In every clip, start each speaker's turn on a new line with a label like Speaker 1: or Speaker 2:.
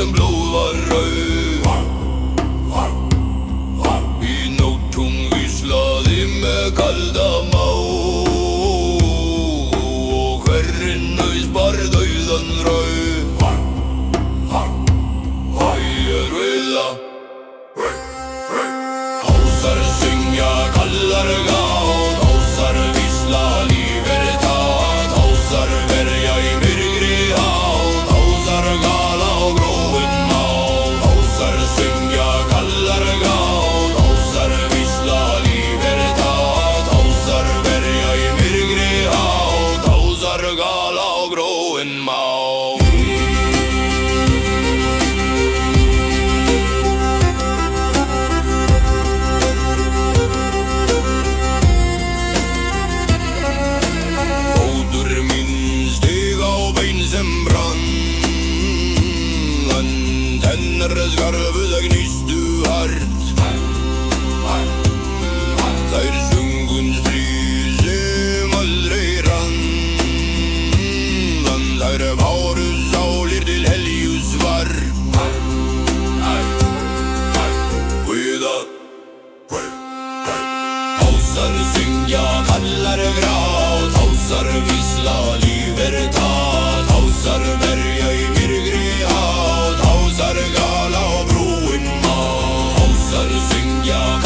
Speaker 1: som blåa röv I Nordtung visslade med kalla När det skarver det gnister hardt. Þeir sungunst því sem aldrei rann Þeir báru sálir til heljus var Hvíða Hálsar syngja, kallar vrá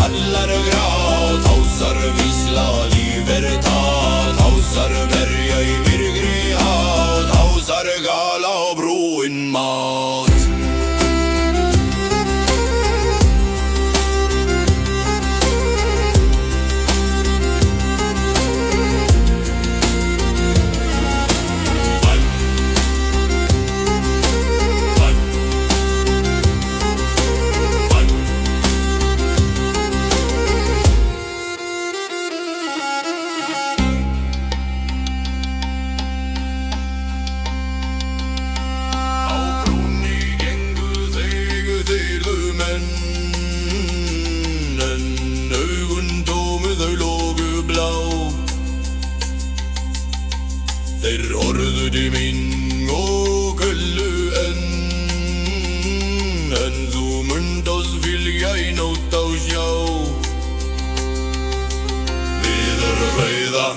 Speaker 1: hallar grad Tausar visla libertad Tausar bergøy myrgri hav Tausar gala og broen mat
Speaker 2: önnen Augun tómu þau lógu blá Þeir orðu til mín og gullu enn En þú mynd oss vilja í nótt á sjá Við erum reyða